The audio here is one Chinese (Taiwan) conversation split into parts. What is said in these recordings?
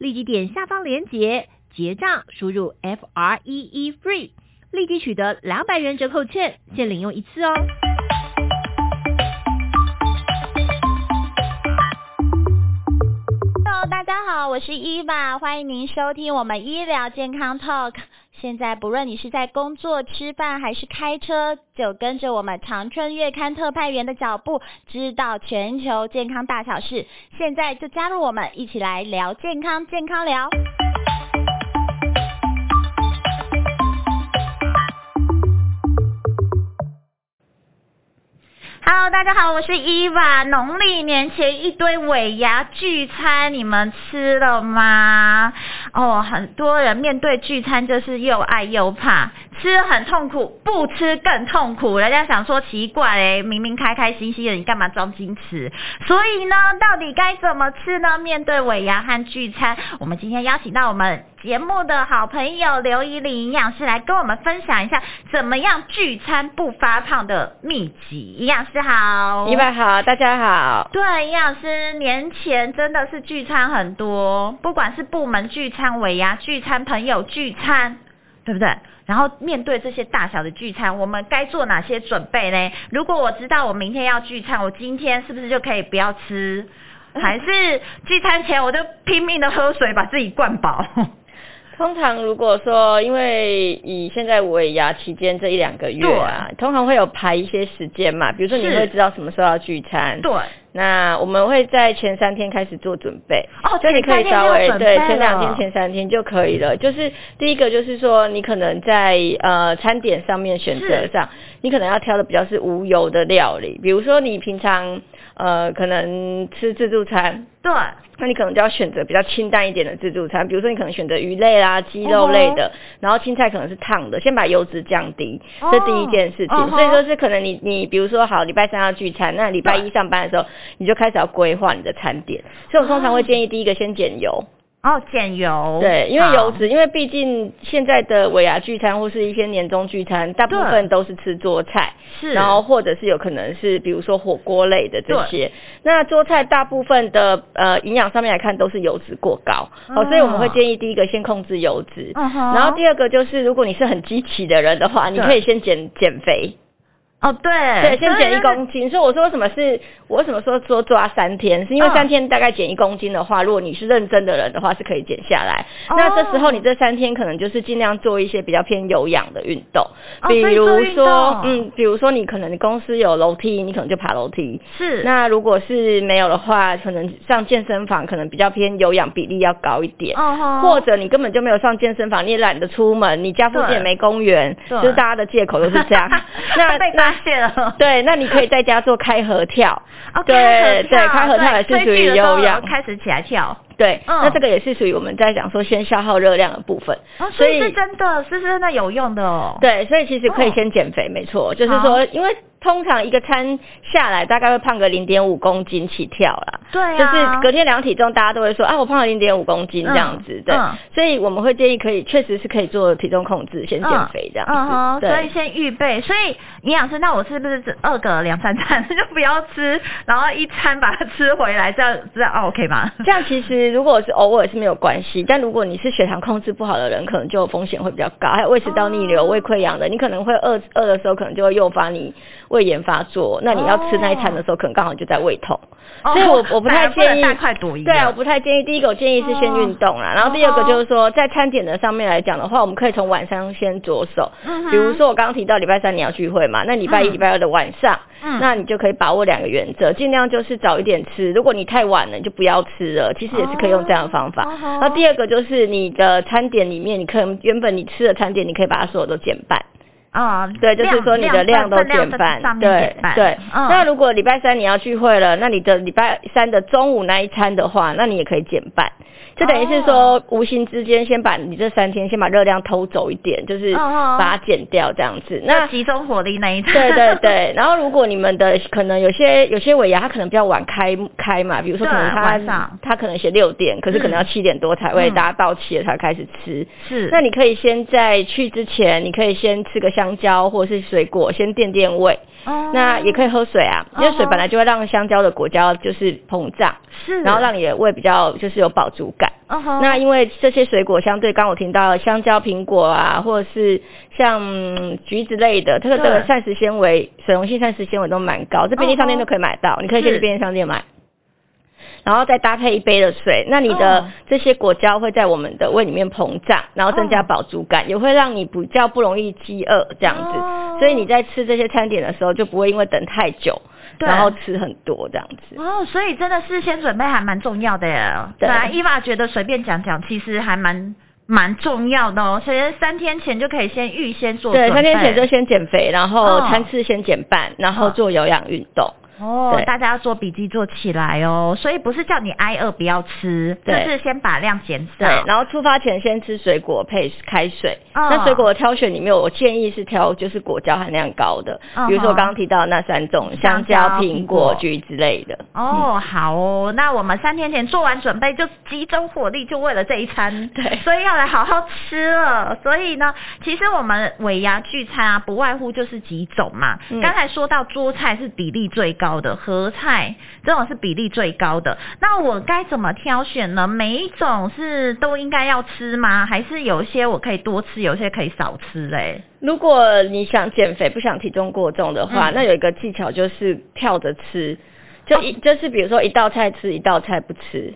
立即點下方連結，結賬，輸入 FREE FREE，立即取得兩百元折扣券，限領用一次哦。Hello，大家好，我是 Eva，歡迎您收聽我們醫療健康 Talk。現在不論你是在工作、吃飯還是開車，就跟着我們常春月刊特派員的腳步，知道全球健康大小事。現在就加入我們，一起來聊健康，健康聊。Hello，大家好，我是伊娃。農曆年前一堆尾牙聚餐，你們吃了嗎？哦，很多人面對聚餐就是又愛又怕。吃很痛苦，不吃更痛苦。人家想說奇怪哎、欸，明明開開心心的，你幹嘛裝矜持？所以呢，到底該怎麼吃呢？面對尾牙和聚餐，我們今天邀請到我們節目的好朋友劉怡里營養師來跟我們分享一下，怎麼樣聚餐不發胖的秘籍。營養師好，你們好，大家好。對，營養師年前真的是聚餐很多，不管是部門聚餐、尾牙聚餐、朋友聚餐。對不對？然後面對這些大小的聚餐，我們該做哪些準備呢？如果我知道我明天要聚餐，我今天是不是就可以不要吃？還是、嗯、聚餐前我就拼命的喝水，把自己灌飽？通常如果說，因為以現在尾牙期間這一兩個月啊，對通常會有排一些時間嘛，比如說你會知道什麼時候要聚餐，對。那我們會在前三天開始做準備，哦，前三天要準備了。所以你可以稍微對，前兩天，前三天就可以了。哦，就是第一個，就是說你可能在呃餐點上面選擇上，是你可能要挑的比較是無油的料理，比如說你平常。呃，可能吃自助餐，對，那你可能就要選擇比較清淡一點的自助餐，比如說你可能選擇魚類啦、雞肉類的，uh huh. 然後青菜可能是燙的，先把油脂降低，這、uh huh. 第一件事情。所以說是可能你你比如說好，禮拜三要聚餐，那禮拜一上班的時候，uh huh. 你就開始要規劃你的餐點。所以我通常會建議第一個先減油。哦，減、oh, 油，對，因為油脂，好因為畢竟現在的尾牙聚餐或是一些年終聚餐，大部分都是吃桌菜，是對，然後或者是有可能是，比如說火鍋類的這些。對那桌菜大部分的呃營養上面來看都是油脂過高，好、嗯，所以我們會建議第一個先控制油脂，嗯、然後第二個就是如果你是很積極的人的話，對你可以先減減肥。哦，oh, 對，對，先減一公斤。所以我說為什麼是我為什麼說說抓三天，是因為三天大概減一公斤的話，如果你是認真的人的話，是可以減下來。Oh. 那這時候你這三天可能就是盡量做一些比較偏有氧的運動，比如說，oh, 嗯，比如說你可能你公司有樓梯，你可能就爬樓梯。是。那如果是沒有的話，可能上健身房可能比較偏有氧比例要高一點。哦，oh. 或者你根本就沒有上健身房，你也懶得出門，你家附近也沒公園，就是大家的借口都是這樣。那 那。 了。對，那你可以在家做開合跳。哦 Okay, 對，對、啊、對，開合跳也是屬於有氧。開始起來跳。對，嗯、那這個也是屬於我們在講說先消耗熱量的部分、哦。所以是真的，以是不是真的有用的哦。對，所以其實可以先減肥，哦、沒錯，就是說，因為。通常一個餐下來大概會胖個零點五公斤起跳啦，對啊，就是隔天量體重，大家都會說啊，我胖了零點五公斤這樣子，嗯、對，嗯、所以我們會建議可以確實是可以做體重控制，先減肥這樣子，嗯，嗯哼，對所以先預備，所以營養師，那我是不是只餓個兩三餐就不要吃，然後一餐把它吃回來這樣這樣、啊、OK 嗎？這樣其實如果是偶爾是沒有關係，但如果你是血糖控制不好的人，可能就風險會比較高，還有胃食道逆流、胃潰瘍的，嗯、你可能會餓餓的時候可能就會誘發你。胃炎發作，那你要吃那一餐的時候，oh. 可能剛好就在胃痛，oh. 所以我我不太建議。奶奶啊、對、啊，我不太建議。第一個我建議是先運動啦，oh. 然後第二個就是說，在餐點的上面來講的話，我們可以從晚上先着手。嗯、uh huh. 比如說我剛剛提到禮拜三你要聚會嘛，那禮拜一、禮、uh huh. 拜二的晚上，uh huh. 那你就可以把握兩個原則，盡量就是早一點吃。如果你太晚了，你就不要吃了。其實也是可以用這樣的方法。那、uh huh. 第二個就是你的餐點裡面，你可能原本你吃的餐點，你可以把它所有都減半。啊，嗯、對，量，就是說你的量都減半，減半對、嗯、對。那如果禮拜三你要聚會了，那你的禮拜三的中午那一餐的話，那你也可以減半。就等於是說，無形之間，先把你這三天，先把熱量偷走一點，就是把它減掉，這樣子。那集中火力那一次。對對對。然後，如果你們的可能有些有些尾牙，它可能比較晚開開嘛，比如說可能他他可能寫六點，可是可能要七點多才會大家到齊了才開始吃。是。那你可以先在去之前，你可以先吃個香蕉或者是水果，先墊墊胃。Uh, 那也可以喝水啊，uh huh. 因為水本來就會讓香蕉的果膠就是膨脹，是、uh，huh. 然後讓你的胃比較就是有飽足感。Uh huh. 那因為這些水果相對剛剛我聽到的香蕉、蘋果啊，或者是像橘子類的，它的膳食纖維、uh huh. 水溶性膳食纖維都蠻高，在、uh huh. 便利商店都可以買到，你可以去便利商店買。Uh huh. 然後再搭配一杯的水，那你的這些果膠會在我們的胃裡面膨脹，然後增加飽足感，哦、也會讓你比較不容易飢餓這樣子。哦、所以你在吃這些餐點的時候，就不會因為等太久，對然後吃很多這樣子。哦，所以真的事先準備還蠻重要的耶。對啊，本來伊娃覺得隨便講講其實還蠻蠻重要的哦。所以三天前就可以先預先做，對，三天前就先減肥，然後餐次先減半，然後做有氧運動。哦，對大家要做筆記做起來哦，所以不是叫你挨餓不要吃，就對是先把量減少對，然後出發前先吃水果配開水。哦。那水果的挑選裡面，我建議是挑就是果膠含量高的，哦、比如說我剛剛提到的那三種香蕉、香蕉蘋果、橘之類的。哦，好，哦。那我們三天前做完準備，就集中火力，就為了這一餐，對，所以要來好好吃了。所以呢，其實我們尾牙聚餐啊，不外乎就是幾種嘛，嗯、剛才說到桌菜是比例最高。好的，合菜這種是比例最高的。那我該怎麼挑選呢？每一種是都應該要吃嗎？還是有些我可以多吃，有些可以少吃嘞、欸？如果你想減肥，不想體重過重的話，嗯、那有一個技巧就是跳着吃，就一、啊、就是比如說一道菜吃，一道菜不吃。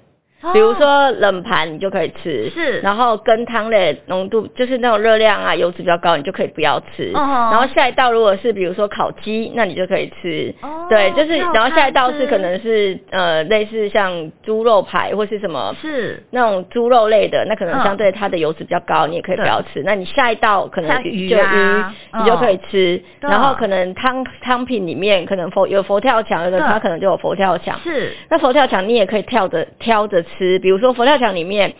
比如說冷盤，你就可以吃。是，然後羹湯類濃度就是那種熱量啊、油脂比較高，你就可以不要吃。然後下一道如果是比如說烤雞，那你就可以吃。對，就是然後下一道是可能是呃類似像豬肉排或是什麼是那種豬肉類的，那可能相對它的油脂比較高，你也可以不要吃。那你下一道可能魚啊，你就可以吃。然後可能湯湯品裡面可能佛有佛跳牆的，它可能就有佛跳牆。是，那佛跳牆你也可以跳着挑着吃。吃，比如說佛跳墻裡面，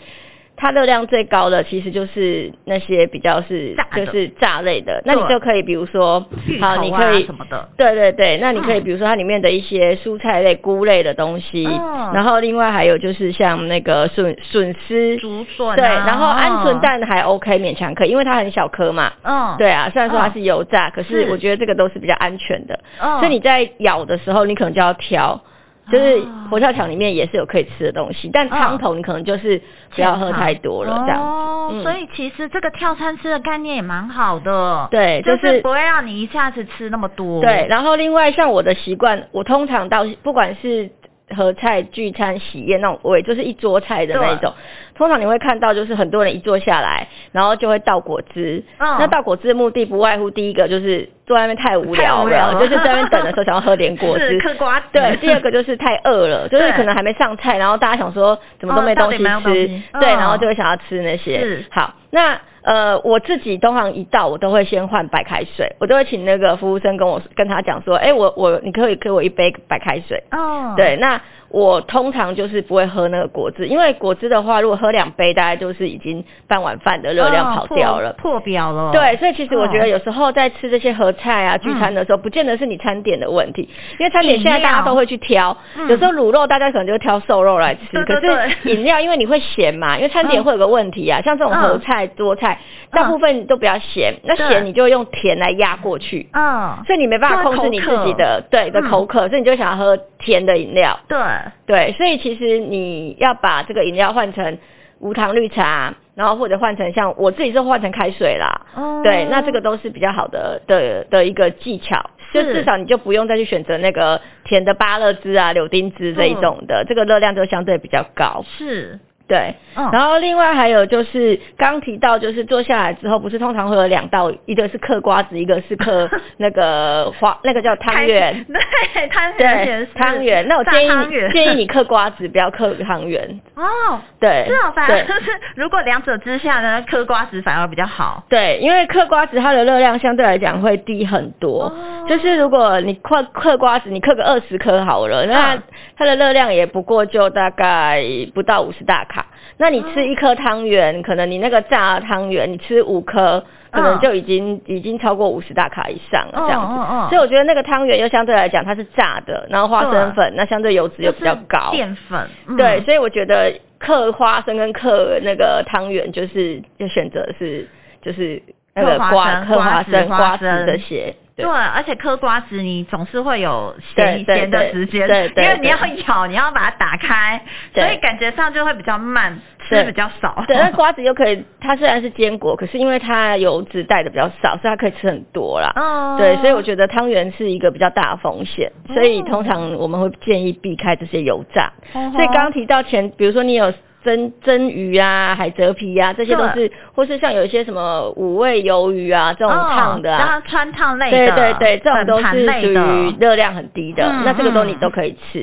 它熱量最高的其實就是那些比較是就是炸類的，那你就可以比如說，好，你可以什麼的，對對對，那你可以比如說它裡面的一些蔬菜類、菇類的東西，然後另外還有就是像那個筍、筍絲、竹筍，對，然後鵪鶉蛋還 OK，勉強可以，因為它很小顆嘛，嗯，對啊，雖然說它是油炸，可是我覺得這個都是比較安全的，所以你在咬的時候，你可能就要挑就是佛跳牆裡面也是有可以吃的東西，哦、但湯頭你可能就是不要喝太多了這樣哦，嗯、所以其實這個跳餐吃的概念也蠻好的，對，就是、就是不會讓你一下子吃那麼多。對，然後另外像我的習慣，我通常到不管是。合菜聚餐喜宴那種味，就是一桌菜的那種。對通常你會看到，就是很多人一坐下來，然後就會倒果汁。哦、那倒果汁的目的不外乎第一個就是坐外面太無聊了，聊了就是在外面等的時候想要喝點果汁， 嗑瓜子，對，第二個就是太餓了，對就是可能還沒上菜，然後大家想說怎麼都沒東西吃，哦、西對，然後就會想要吃那些。嗯、好那。呃，我自己通常一到，我都會先換白開水，我都會請那個服務生跟我跟他講說，哎、欸，我我你可以給我一杯白開水，哦，oh. 對，那。我通常就是不會喝那個果汁，因為果汁的話，如果喝兩杯，大概就是已經半碗飯的熱量跑掉了，oh, 破，破表了。對，所以其實我覺得有時候在吃這些合菜啊、聚餐的時候，嗯、不見得是你餐點的問題，因為餐點現在大家都會去挑，飲料。有時候滷肉大家可能就會挑瘦肉來吃，嗯、可是飲料因為你會鹹嘛，因為餐點會有個問題啊，像這種合菜多菜，大部分都比較鹹，那鹹你就用甜來壓過去，嗯，所以你沒辦法控制你自己的對的口渴，嗯、所以你就想要喝甜的飲料，對。對，所以其實你要把這個飲料換成無糖綠茶，然後或者換成像我自己是換成開水啦。嗯、對，那這個都是比較好的的的一個技巧，就至少你就不用再去選擇那個甜的芭樂汁啊、柳丁汁這一種的，嗯、這個熱量就相對比較高。是。對，然後另外還有就是剛提到，就是坐下來之後，不是通常會有兩道，一個是嗑瓜子，一個是嗑那個花，那個叫湯圓，對，湯圓，湯圓。那我建議你建議你嗑瓜子，不要嗑湯圓。哦，對，是好煩。就是如果兩者之下呢，嗑瓜子反而比較好。對，因為嗑瓜子它的熱量相對來講會低很多，就是如果你嗑嗑瓜子，你嗑個二十顆好了，那。它的熱量也不過就大概不到五十大卡，那你吃一顆湯圓，嗯、可能你那個炸湯圓，你吃五顆，哦、可能就已經已經超過五十大卡以上了這樣子。哦哦哦、所以我覺得那個湯圓又相對來講它是炸的，然後花生粉，啊、那相對油脂又比較高。澱粉，嗯、對，所以我覺得嗑花生跟嗑那個湯圓，就是，就擇是就選擇是就是那個瓜，嗑花生、瓜子這些。對，而且嗑瓜子你總是會有閒閒的時間，對對對，因為你要咬，對對對，你要把它打開，對所以感覺上就會比較慢，對吃比較少。對，對瓜子又可以，它雖然是堅果，可是因為它油脂帶的比較少，所以它可以吃很多啦。嗯、對，所以我覺得湯圓是一個比較大風險，所以通常我們會建議避開這些油炸。所以剛剛提到前，比如說你有。蒸蒸魚啊，海蜇皮啊，這些都是，對或是像有一些什麼五味魷魚啊這種燙的，啊哦、的，啊穿燙類，對對對，這種都是屬於熱量很低的，的那這個時候你都可以吃。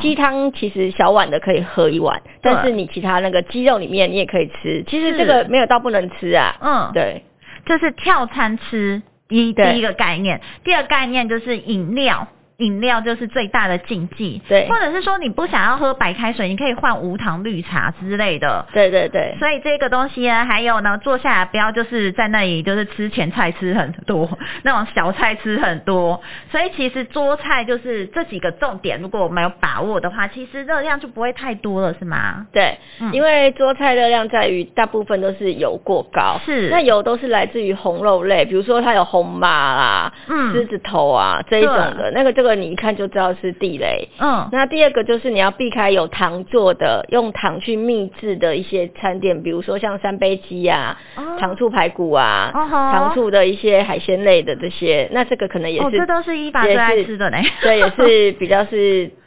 雞湯、嗯嗯、其實小碗的可以喝一碗，嗯、但是你其他那個雞肉裡面你也可以吃。對是其實這個沒有到不能吃啊。嗯，對，就是跳餐吃，一第一個概念，對第二個概念就是飲料。飲料就是最大的禁忌，對，或者是說你不想要喝白開水，你可以換無糖綠茶之類的，對對對。所以這個東西啊，還有呢，坐下來不要就是在那裡就是吃前菜吃很多，那種小菜吃很多。所以其實桌菜就是這幾個重點，如果我們有把握的話，其實熱量就不會太多了，是嗎？對，嗯、因為桌菜熱量在於大部分都是油過高，是，那油都是來自於紅肉類，比如說它有紅麻啊、啦、嗯、獅子頭啊這一種的，對那個這個。你一看就知道是地雷，嗯、哦，那第二個就是你要避開有糖做的、用糖去秘制的一些餐點，比如說像三杯雞呀、啊、哦、糖醋排骨啊、哦、糖醋的一些海鮮類的這些，那這個可能也是，哦、這都是一般人愛吃的呢，對，也是比較是。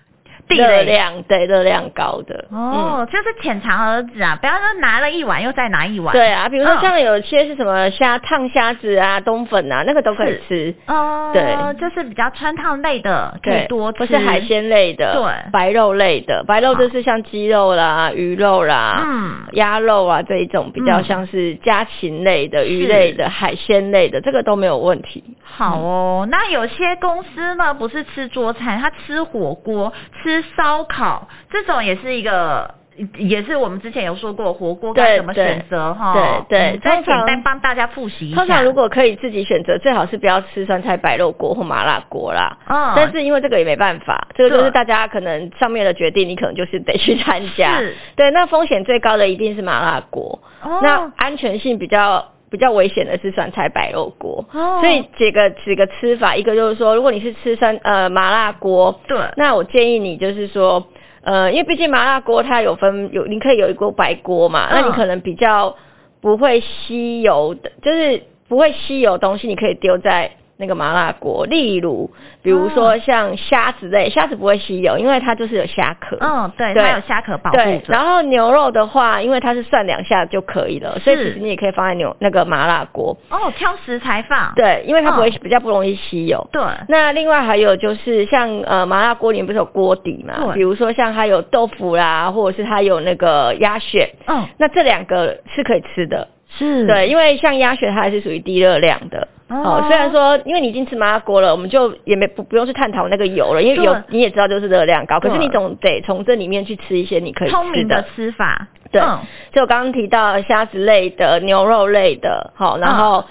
熱量，對，熱量高的，哦，就、嗯、是淺嘗而止啊，不要說拿了一碗又再拿一碗。對啊，比如說像有些是什麼蝦燙蝦子啊、冬粉啊，那個都可以吃。哦，呃、對，就是比較汆燙類的可以多吃，不是海鮮類的，對，白肉類的白肉，就是像雞肉啦、魚肉啦、嗯、鴨肉啊這一種比較像是家禽類的、魚類的、是海鮮類的，這個都沒有問題。好哦，嗯、那有些公司呢，不是吃桌菜，他吃火鍋吃。燒烤這種也是一個，也是我們之前有說過火鍋該怎麼選擇哈。對，對嗯、通常再簡單幫大家復習一下，通常如果可以自己選擇，最好是不要吃酸菜白肉鍋或麻辣鍋啦。哦、但是因為這個也沒辦法，對這個就是大家可能上面的決定，你可能就是得去參加。是對，那風險最高的一定是麻辣鍋，哦、那安全性比較比較危險的是酸菜白肉鍋，哦、所以幾個幾個吃法，一個就是說，如果你是吃酸呃麻辣鍋，對、嗯，那我建議你就是說，呃，因為畢竟麻辣鍋它有分有，你可以有一鍋白鍋嘛，嗯、那你可能比較不會吸油的，就是不會吸油的東西，你可以丟在。那個麻辣鍋，例如比如說像蝦之類，蝦子不會吸油，因為它就是有蝦殼。嗯、哦，對，對它有蝦殼保護。對，然後牛肉的話，因為它是涮兩下就可以了，是所以其實你也可以放在牛那個麻辣鍋。哦，挑食材放。對，因為它不會、哦、比較不容易吸油。對。那另外還有就是像呃麻辣鍋裡面不是有鍋底嘛？對比如說像它有豆腐啦，或者是它有那個鴨血。嗯、哦。那這兩個是可以吃的。是。對，因為像鴨血它還是屬於低熱量的。哦,哦，雖然說因為你已經吃麻辣鍋了，我們就也沒不不用去探討那個油了，因為油你也知道就是熱量高，對可是你總得從這裡面去吃一些你可以吃的,聰明的吃法，對，就、嗯、我剛剛提到蝦子類的、牛肉類的，好、哦，然後。嗯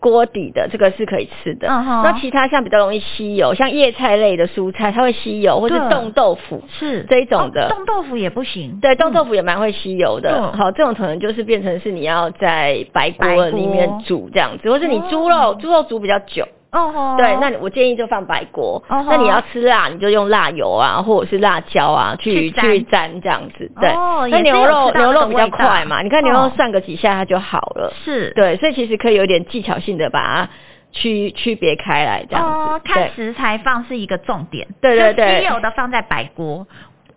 鍋底的這個是可以吃的，uh huh. 那其他像比較容易吸油，像葉菜類的蔬菜，它會吸油，或是凍豆腐，是對這一種的、哦。凍豆腐也不行，對，凍豆腐也蠻會吸油的。嗯、好，這種可能就是變成是你要在白鍋裡面煮這樣子，鍋或是你豬肉，oh. 豬肉煮比較久。哦哦，oh, oh. 對，那我建議就放白鍋。Oh, oh. 那你要吃辣，你就用辣油啊，或者是辣椒啊，去去蘸沾這樣子。對，因為、oh, 牛肉牛肉比較快嘛，oh. 你看牛肉涮個幾下它就好了。是，oh. 對，所以其實可以有點技巧性的把它區區別開來這樣子。哦、oh, 對，看食材放是一個重點。對對對，稀有的放在白鍋。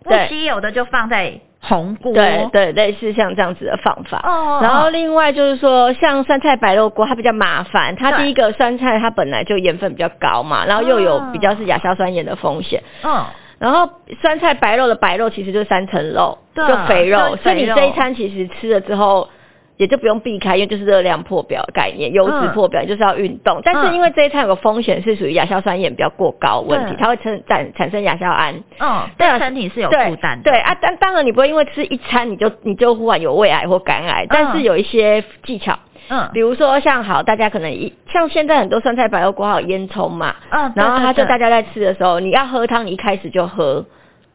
對不稀有的就放在紅鍋鍋，對對，類似像這樣子的方法。哦，然後另外就是說，像酸菜白肉鍋，它比較麻煩。它第一個酸菜它本來就鹽分比較高嘛，然後又有比較是亞硝酸鹽的風險。嗯，然後酸菜白肉的白肉其實就是三層肉，對就肥肉，肥肉，所以你這一餐其實吃了之後。也就不用避開，因為就是熱量破表的概念，油脂破表、嗯、就是要運動。但是因為這一餐有個風險是屬於亞硝酸鹽比較過高問題，嗯、它會成產產生亞硝胺，嗯，對啊，身體是有負擔的。對，對啊，但當然你不會因為吃一餐你就你就忽然有胃癌或肝癌，但是有一些技巧，嗯，嗯比如說像好大家可能一像現在很多酸菜白肉鍋好洋蔥嘛，嗯，然後他就大家在吃的時候，你要喝湯，你一開始就喝。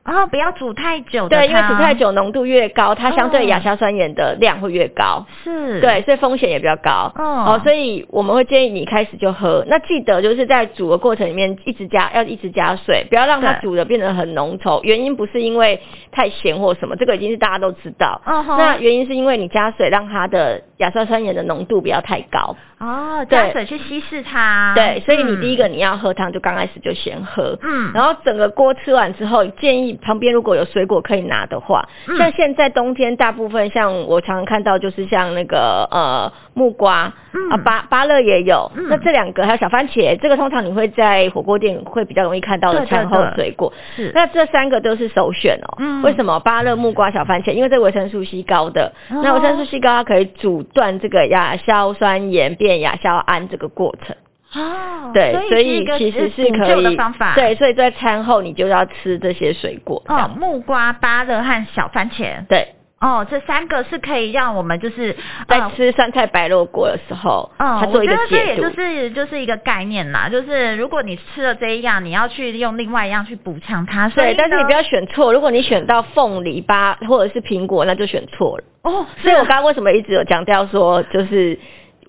啊、哦，不要煮太久。對，因為煮太久，濃度越高，它相對亞硝酸鹽的量會越高。是、嗯，對，所以風險也比較高。嗯、哦，所以我們會建議你開始就喝。那記得就是在煮的過程裡面，一直加，要一直加水，不要讓它煮的變得很濃稠。對原因不是因為太鹹或什麼，這個已經是大家都知道。哦、吼那原因是因為你加水，讓它的亞硝酸鹽的濃度不要太高。哦，加水去稀釋它。對，嗯、對，所以你第一個你要喝湯，就剛開始就先喝。嗯。然後整個鍋吃完之後，建議旁邊如果有水果可以拿的話，嗯、像現在冬天，大部分像我常常看到，就是像那個呃木瓜、嗯、啊，芭芭樂也有。嗯、那這兩個還有小番茄，這個通常你會在火鍋店會比較容易看到的餐後水果。是。那這三個都是首選哦。嗯。為什麼芭樂、木瓜、小番茄？因為這維生素 C 高的。哦、那維生素 C 高，它可以阻斷這個亞硝酸鹽亞硝胺這個過程哦，對，所以其實是可以，啊、對，所以在餐後你就要吃這些水果，哦，木瓜、芭樂和小番茄，對，哦，這三個是可以讓我們就是在吃酸菜白蘿蔔的時候，嗯、哦，它做一個解毒。這也就是就是一個概念嘛，就是如果你吃了這一樣，你要去用另外一樣去補償它，對，但是你不要選錯，如果你選到鳳梨巴或者是蘋果，那就選錯了哦。啊、所以我剛剛為什麼一直有強調說就是。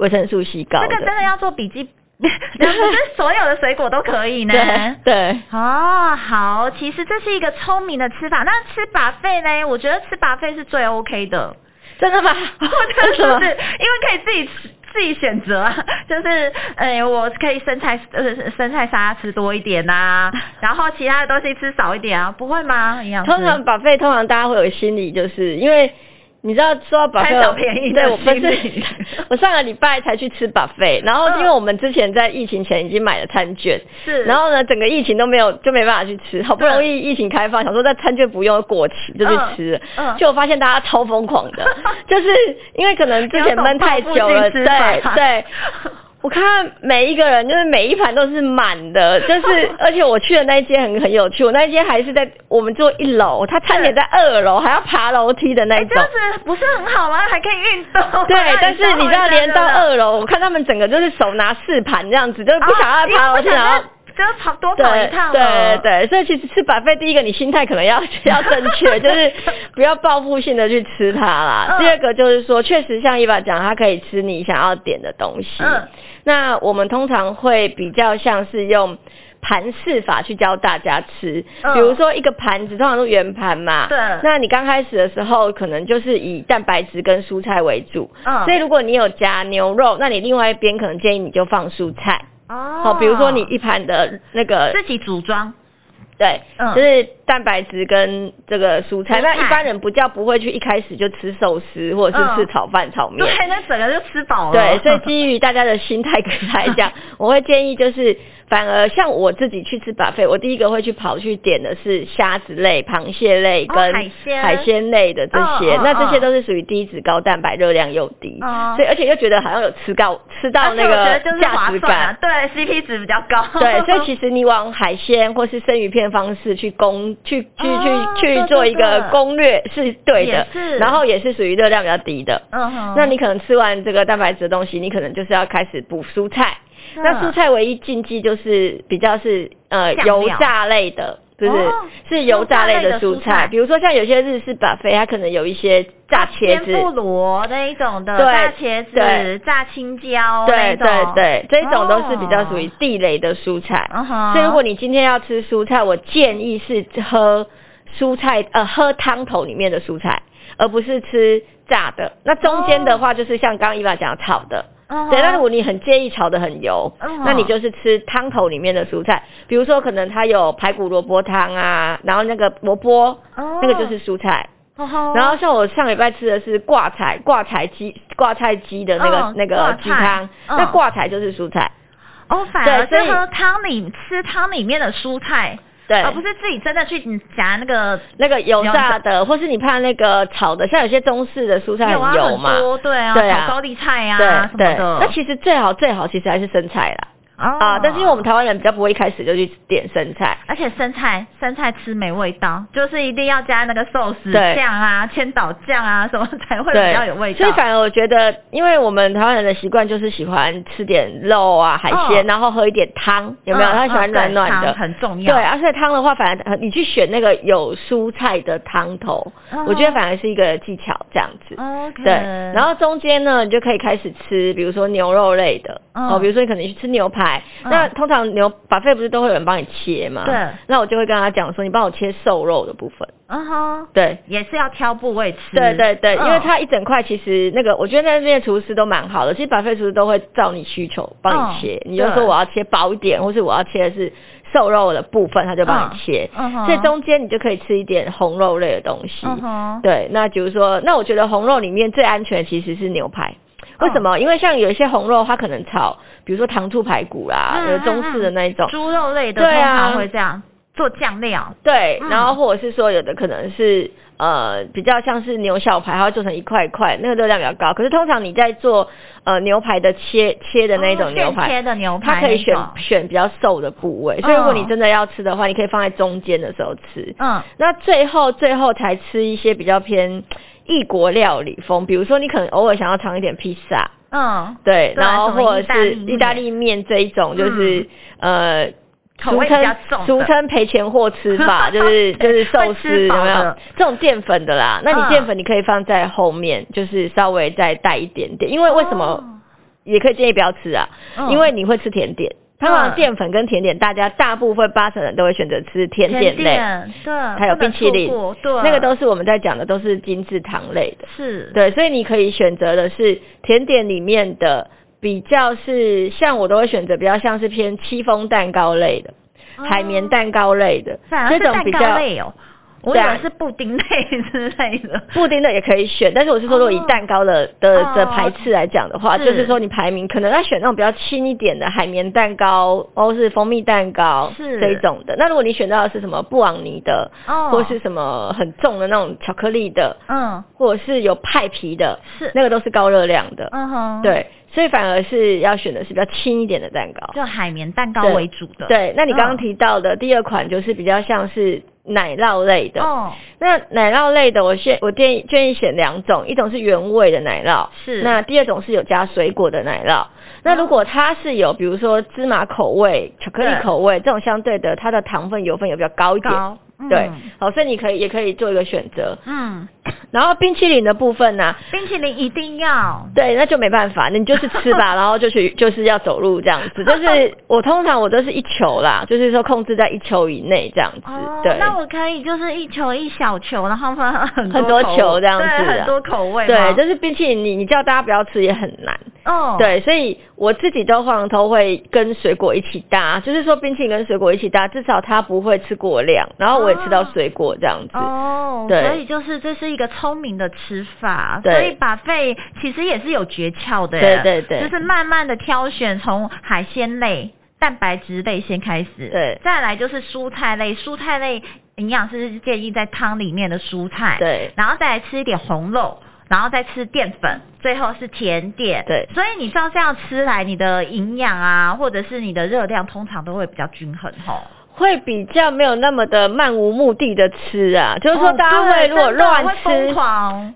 維生素 C 高，這個真的要做筆記，是不對 是所有的水果都可以呢？對，哦，oh, 好，其實這是一個聰明的吃法。那吃 buffet 呢？我覺得吃 buffet 是最 OK 的，真的嗎？為 什是 因為可以自己自己選擇、啊，就是誒、欸，我可以生菜呃生菜沙拉吃多一點吶、啊，然後其他的東西吃少一點啊，不會嗎？營養師，通常 buffet，通常大家會有心理，就是因為。你知道說要把小便宜對我，我上個禮拜才去吃 buffet。然後因為我們之前在疫情前已經買了餐券，是、嗯，然後呢整個疫情都沒有就沒辦法去吃，好不容易疫情開放，對想說在餐券不用過期就去吃了，就、嗯嗯、我發現大家超瘋狂的， 就是因為可能之前悶太久了，對對。 我看每一個人就是每一盤都是滿的，就是而且我去的那一間很很有趣，我那一間還是在我們坐一樓，他餐點在二樓，還要爬樓梯的那一種，就是、欸、不是很好嗎？還可以運動。對，但是你知道連到二樓，我看他們整個就是手拿四盤這樣子，就是不想要爬樓梯，然後就要跑多跑一趟。對對對，所以其實吃 buffet。第一個，你心態可能要要正確， 就是不要報復性的去吃它啦。第二個就是說，確、嗯、實像怡裡講，他可以吃你想要點的東西。嗯那我們通常會比較像是用盤式法去教大家吃，嗯、比如說一個盤子，通常都圓盤嘛。對。那你剛開始的時候，可能就是以蛋白質跟蔬菜為主。嗯。所以如果你有夾牛肉，那你另外一邊可能建議你就放蔬菜。哦。好，比如說你一盤的那個。自己組裝。對。嗯。就是。蛋白質跟這個蔬菜，看那一般人不叫不會去一開始就吃壽司或者是吃炒飯、嗯、炒麵麵，對，那整個就吃飽了。對，所以基於大家的心態跟來講，嗯、我會建議就是反而像我自己去吃 buffet，我第一個會去跑去點的是蝦子類、螃蟹類跟海鮮海鮮類的這些，哦、那這些都是屬於低脂高蛋白、熱量又低，嗯、所以而且又覺得好像有吃到吃到那個價值感，啊、對 CP 值比較高。對，所以其實你往海鮮或是生魚片方式去攻。去去去、oh, 去做一個攻略是對的，是然後也是屬於熱量比較低的。嗯、uh huh. 那你可能吃完這個蛋白質的東西，你可能就是要開始補蔬菜。Uh huh. 那蔬菜唯一禁忌就是比較是呃料油炸類的。是不是是油炸類的蔬菜？比如說像有些日式 buffet，它可能有一些炸茄子、天婦羅那一種的，炸茄子、炸青椒，對對對，對，這一種都是比較屬於地雷的蔬菜。所以如果你今天要吃蔬菜，我建議是喝蔬菜呃喝湯頭裡面的蔬菜，而不是吃炸的。那中間的話就是像剛剛伊娃講的炒的。Uh huh. 對，那如果你很介意炒得很油，uh huh. 那你就是吃湯頭裡面的蔬菜，比如說可能它有排骨蘿蔔湯啊，然後那個蘿蔔，uh huh. 那個就是蔬菜。Uh huh. 然後像我上禮拜吃的是掛菜掛菜雞掛菜雞的那個、uh huh. 那個雞湯，uh huh. 那掛菜就是蔬菜。哦，反而在所以喝湯裡吃湯裡面的蔬菜。對，而、哦、不是自己真的去夾那個那個油炸的，有或是你怕那個炒的，像有些中式的蔬菜很油嘛油、啊很多，對啊，對啊炒高麗菜啊，對，啊對，對，那其實最好最好其實還是生菜啦。哦、啊，但是因為我們台灣人比較不會一開始就去點生菜，而且生菜生菜吃沒味道，就是一定要加那個壽司醬啊、對千島醬啊什麼才會比較有味道。所以反而我覺得，因為我們台灣人的習慣就是喜歡吃點肉啊、海鮮，哦、然後喝一點湯，有沒有？哦、他喜歡暖暖的、哦，很重要。對，而且湯的話，反而你去選那個有蔬菜的湯頭，哦、我覺得反而是一個技巧這樣子。哦 okay、對，然後中間呢，你就可以開始吃，比如說牛肉類的，哦，比如說你可能去吃牛排。那通常牛 Buffet 不是都會有人幫你切嗎？對。那我就會跟他講說，你幫我切瘦肉的部分。啊哈。對，也是要挑部位吃。對對對，因為它一整塊其實那個，我覺得那邊廚師都蠻好的。其實 Buffet 廚師都會照你需求幫你切，你就說我要切薄一點，或是我要切的是瘦肉的部分，他就幫你切。所以中間你就可以吃一點紅肉類的東西。對，那比如說，那我覺得紅肉裡面最安全其實是牛排。為什麼？因為像有一些紅肉，它可能炒。比如說糖醋排骨啦，有、嗯嗯嗯、中式的那種豬肉類的，通常會這樣、啊、做醬料。對，嗯、然後或者是說有的可能是呃比較像是牛小排，它會做成一塊一塊，那個熱量比較高。可是通常你在做呃牛排的切切的那種牛排，切、哦、的牛排，它可以選好選比較瘦的部位。所以如果你真的要吃的話，嗯、你可以放在中間的時候吃。嗯，那最後最後才吃一些比較偏。異國料理風，比如說你可能偶爾想要嘗一點披薩，嗯，對，然後或者是意大利面這一種，就是呃，俗稱俗稱賠錢貨吃法，就是就是壽司有沒有？這種澱粉的啦，嗯、那你澱粉你可以放在後面，就是稍微再帶一點點，因為為什麼也可以建議不要吃啊？嗯、因為你會吃甜點。通常澱粉跟甜點，大家大部分八成人都會選擇吃甜點類，點對，還有冰淇淋，那個都是我們在講的，都是精緻糖類的，是對，所以你可以選擇的是甜點裡面的比較是，像我都會選擇比較像是偏戚風蛋糕類的，哦，海綿蛋糕類的，啊、這種比較我以為是布丁類之類的，布丁的也可以選，但是我是說，如果以蛋糕的的的排斥來講的話，就是說你排名可能要選那種比較輕一點的海綿蛋糕，或是蜂蜜蛋糕這一種的。那如果你選到的是什麼布朗尼的，或是什麼很重的那種巧克力的，嗯，或者是有派皮的，是那個都是高熱量的，嗯哼，對。所以反而是要選的是比較輕一點的蛋糕，就海綿蛋糕為主的。對，對嗯，那你剛剛提到的第二款就是比較像是奶酪類的。哦，嗯，那奶酪類的我，我先我建議建議選兩種，一種是原味的奶酪，是。那第二種是有加水果的奶酪。是那如果它是有比如說芝麻口味、巧克力口味，嗯，這種相對的，它的糖分、油分有比較高一點。對，好，所以你可以也可以做一個選擇。嗯，然後冰淇淋的部分呢、啊？冰淇淋一定要。對，那就沒辦法，你就是吃吧， 然後就去、是、就是要走路這樣子。就是我通常我都是一球啦，就是說控制在一球以內這樣子。哦、對，那我可以就是一球一小球，然後放很多，很多球這樣子。很多口味。對，就是冰淇淋你，你你叫大家不要吃也很難。哦。對，所以。我自己都通常都會跟水果一起搭，就是說冰淇淋跟水果一起搭，至少他不會吃過量，然後我也吃到水果這樣子。啊、哦，對，所以就是這是一個聰明的吃法，對所以 buffet 其實也是有訣竅的，對對對，就是慢慢的挑選從海鮮類、蛋白質類先開始，對，再來就是蔬菜類，蔬菜類營養師是建議在湯裡面的蔬菜，對，然後再來吃一點紅肉。然後再吃澱粉，最後是甜點。對，所以你照這樣吃來，你的營養啊，或者是你的熱量，通常都會比較均衡齁。會比較沒有那麼的漫無目的的吃啊，就是說大家會如果亂吃，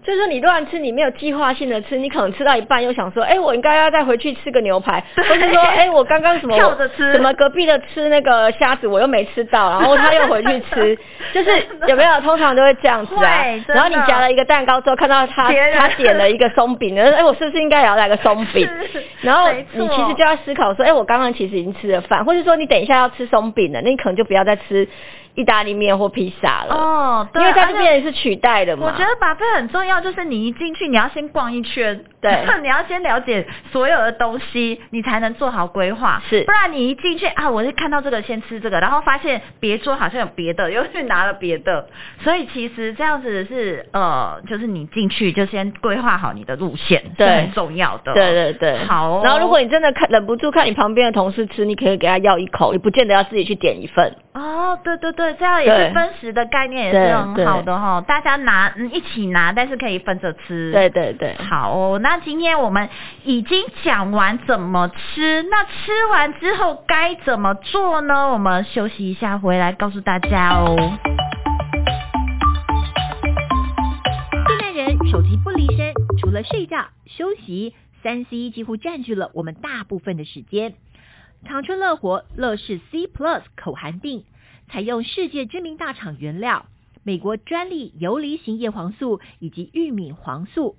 就是說你亂吃，你沒有計劃性的吃，你可能吃到一半又想說，哎，我應該要再回去吃個牛排，或是說，哎，我剛剛什麼什麼隔壁的吃那個蝦子，我又沒吃到，然後他又回去吃，就是有沒有？通常都會這樣子啊，然後你夾了一個蛋糕之後，看到他他點了一個鬆餅，哎，我是不是應該也要來個鬆餅？然後你其實就要思考說，哎錯，我剛剛其實已經吃了飯，或者說你等一下要吃鬆餅了，那你可能就不要再吃意大利麵或披薩了。哦，對，因為在這邊且也是取代的嘛。我覺得 Buffet 很重要，就是你一進去你要先逛一圈。對，你要先了解所有的東西，你才能做好規劃。是，不然你一進去啊，我是看到這個先吃這個，然後發現別說好像有別的，又去拿了別的。所以其實這樣子是呃，就是你進去就先規劃好你的路線，對，很重要的哦。對對對，好哦。然後如果你真的看忍不住看你旁邊的同事吃，你可以給他要一口，也不見得要自己去點一份。哦，對對對，這樣也是分食的概念也是很好的哈哦，大家拿，嗯，一起拿，但是可以分着吃。對，對對對，好哦，那。那今天我們已經講完怎麼吃，那吃完之後該怎麼做呢？我們休息一下，回來告訴大家哦。現在人手機不離身，除了睡覺、休息，三 C 幾乎佔據了我們大部分的時間。長春樂活樂視 C Plus 口含錠，採用世界知名大廠原料，美國專利游離型葉黃素以及玉米黃素。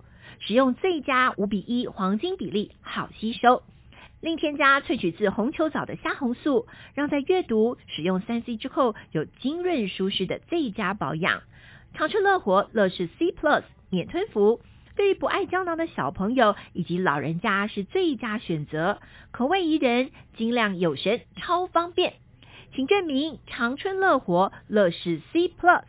使用最佳五比一黃金比例，好吸收。另添加萃取自紅球藻的蝦紅素，讓在閱讀使用三 C 之後有晶潤舒適的最佳保養。常春樂活樂視 C Plus 免吞服，對於不愛膠囊的小朋友以及老人家是最佳選擇。口味宜人，晶亮有神，超方便。請認明常春樂活樂視 C Plus，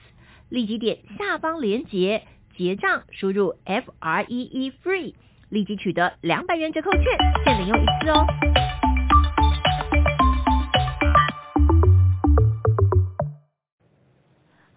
立即點下方連結。結賬輸入 F R E E FREE，立即取得兩百元折扣券，限領用一次哦。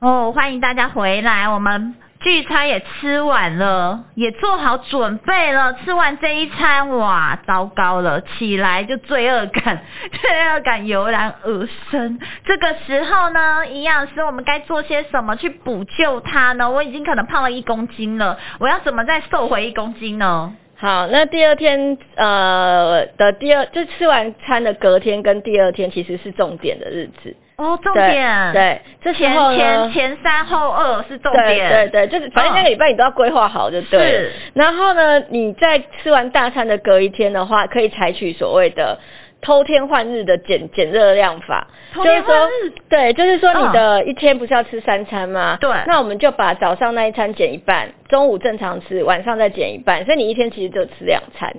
哦，歡迎大家回來，我們。聚餐也吃完了，也做好準備了。吃完這一餐，哇，糟糕了！起來就罪惡感，罪惡感油然而生。這個時候呢，營養師，我們該做些什麼去補救它呢？我已經可能胖了一公斤了，我要怎麼再瘦回一公斤呢？好，那第二天呃的第二，就吃完餐的隔天跟第二天，其實是重點的日子。哦，重點對，對，這前前前三後二是重點，對，對對，就是反正那個禮拜你都要規劃好就對。哦、是，然後呢，你在吃完大餐的隔一天的話，可以採取所謂的偷天換日的減減熱量法，偷天換日，就是說，對，就是說你的一天不是要吃三餐嗎？哦、對，那我們就把早上那一餐減一半，中午正常吃，晚上再減一半，所以你一天其實就吃兩餐。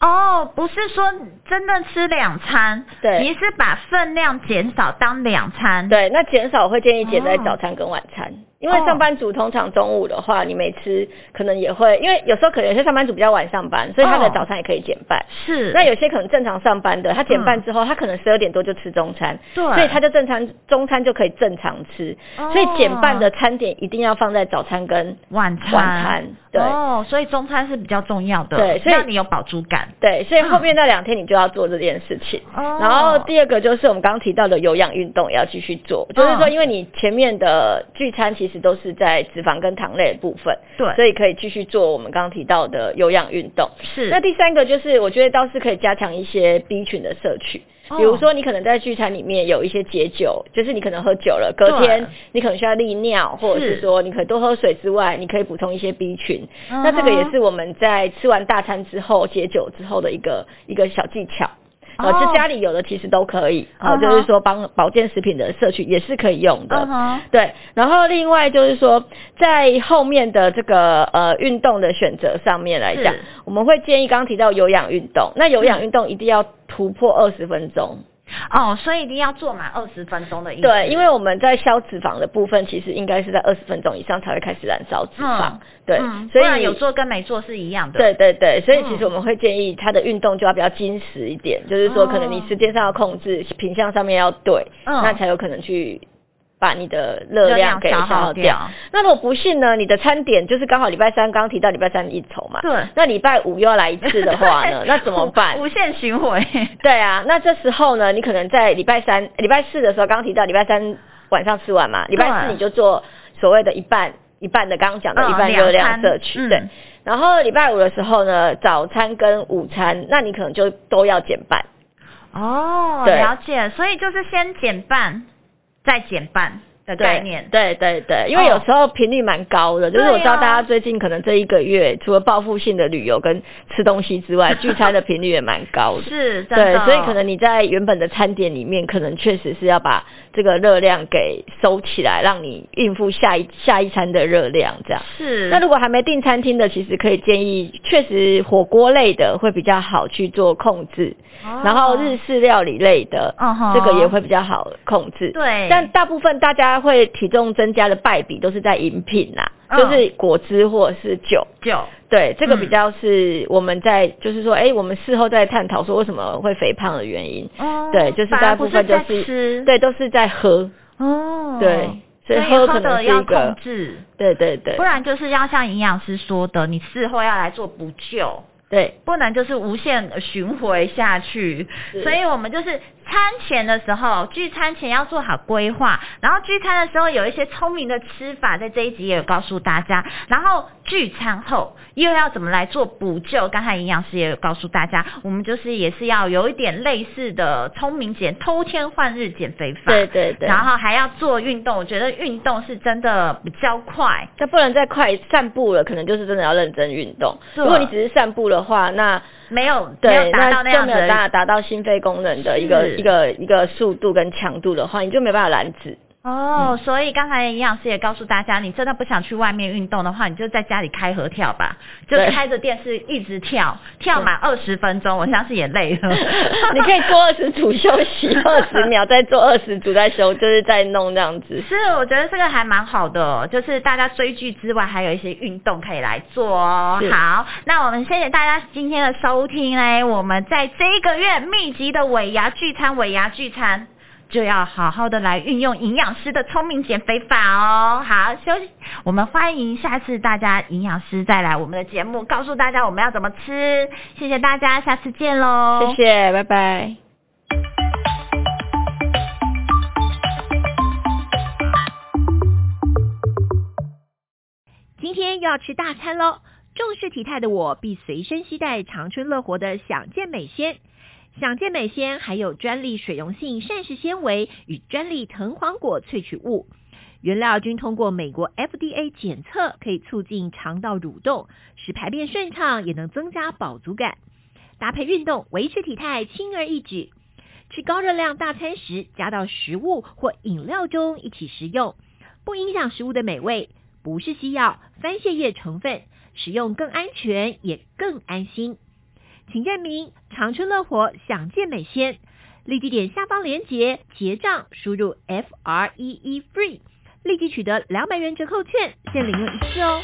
哦，oh, 不是說真的吃兩餐，對，你是把分量減少當兩餐，對，那減少我會建議減在早餐跟晚餐。Oh. 因為上班族通常中午的話，你沒吃，可能也會，因為有時候可能有些上班族比較晚上班，所以他的早餐也可以減半。是。那有些可能正常上班的，他減半之後，他可能十二點多就吃中餐。對，所以他就正餐中餐就可以正常吃。所以減半的餐點一定要放在早餐跟晚餐。晚餐。對。所以中餐是比較重要的。對，所以讓你有飽足感。對，所以後面那兩天你就要做這件事情。然後第二個就是我們剛剛提到的有氧運動也要繼續做，就是說因為你前面的聚餐其實。其實都是在脂肪跟糖類的部分，對，所以可以繼續做我們剛剛提到的有氧運動。是，那第三個就是，我覺得倒是可以加強一些 B 群的攝取，哦、比如說你可能在聚餐裡面有一些解酒，就是你可能喝酒了，隔天你可能需要利尿，啊、或者是說你可以多喝水之外，是你可以補充一些 B 群。嗯、哼那這個也是我們在吃完大餐之後，解酒之後的一個一個小技巧。呃，就家裡有的其實都可以，啊、呃，uh huh. 就是說幫保健食品的攝取也是可以用的，uh huh. 對。然後另外就是說，在後面的這個呃運動的選擇上面來講，是我們會建議剛提到有氧運動，那有氧運動一定要突破二十分鐘。嗯哦，所以一定要做滿二十分鐘的運動。對，因為我們在消脂肪的部分，其實應該是在二十分鐘以上才會開始燃燒脂肪。嗯、對，嗯、所以有做跟沒做是一樣的。對對對，所以其實我們會建議，它的運動就要比較精實一點，嗯、就是說可能你時間上要控制，品項上面要對，嗯、那才有可能去。把你的熱量給消耗掉。那如果不幸呢？你的餐點就是剛好禮拜三剛提到禮拜三的應酬嘛。對。那禮拜五又要來一次的話呢？那怎麼辦？無限循環。對啊，那這時候呢，你可能在禮拜三、禮拜四的時候剛提到禮拜三晚上吃完嘛，禮拜四你就做所謂的一半、一半的剛剛講的一半熱量攝取，對。然後禮拜五的時候呢，早餐跟午餐，那你可能就都要減半。哦，了解。所以就是先減半。再減半。的概念對，對對對，因為有時候頻率蠻高的，哦、就是我知道大家最近可能這一個月，啊、除了報復性的旅遊跟吃東西之外，聚餐的頻率也蠻高的， 是，真的哦、對，所以可能你在原本的餐點裡面，可能確實是要把這個熱量給收起來，讓你應付下一下一餐的熱量這樣。是，那如果還沒訂餐廳的，其實可以建議，確實火鍋類的會比較好去做控制，哦、然後日式料理類的，哦、這個也會比較好控制。對，但大部分大家。會體重增加的敗筆都是在飲品啦、啊，就是果汁或者是酒酒。嗯、對，這個比較是我們在就是說，哎、嗯欸，我們事後再探討說為什麼會肥胖的原因。哦、嗯。對，就是大部分就是，不是在吃對，都是在喝。哦。對，所以喝的要控制。對對對。不然就是要像營養師說的，你事後要來做補救。對。不能就是無限循環下去，是所以我們就是。餐前的時候，聚餐前要做好規劃，然後聚餐的時候有一些聰明的吃法，在這一集也有告訴大家。然後聚餐後又要怎麼來做補救？剛才營養師也有告訴大家，我們就是也是要有一點類似的聰明減、偷天換日減肥法。對對對。然後還要做運動，我覺得運動是真的比較快，就不能再快散步了，可能就是真的要認真運動。對如果你只是散步的話，那。沒有，對，沒有達到那樣的，達到心肺功能的一個是一個一個速度跟強度的話，你就沒辦法燃脂。哦，所以剛才營養師也告訴大家，你真的不想去外面運動的話，你就在家裡開合跳吧，就開着電視一直跳，對跳滿二十分鐘。對我相信也累了，你可以做二十組休息二十秒， 再做二十組再休，就是在弄這樣子。是，我覺得這個還蠻好的，就是大家追劇之外，還有一些運動可以來做哦。是好，那我們謝謝大家今天的收聽呢，我們在這一個月密集的尾牙聚餐，尾牙聚餐。就要好好的來運用營養師的聰明減肥法哦。好，休息。我們歡迎下次大家營養師再來我們的節目，告訴大家我們要怎麼吃。謝謝大家，下次見嘍。謝謝，拜拜。今天又要吃大餐嘍！重視體態的我，必隨身攜帶常春樂活的享健美纖。享健美纖還有專利水溶性膳食纖維與專利藤黃果萃取物原料，均通過美國 FDA 檢測，可以促進腸道蠕動，使排便順暢，也能增加飽足感。搭配運動，維持體態輕而易舉。吃高熱量大餐時，加到食物或飲料中一起食用，不影響食物的美味。不是西藥，番瀉葉成分，使用更安全也更安心。請認明常春樂活享健美纖，立即點下方連結結賬，輸入 F R E E FREE，立即取得兩百元折扣券，限領用一次哦。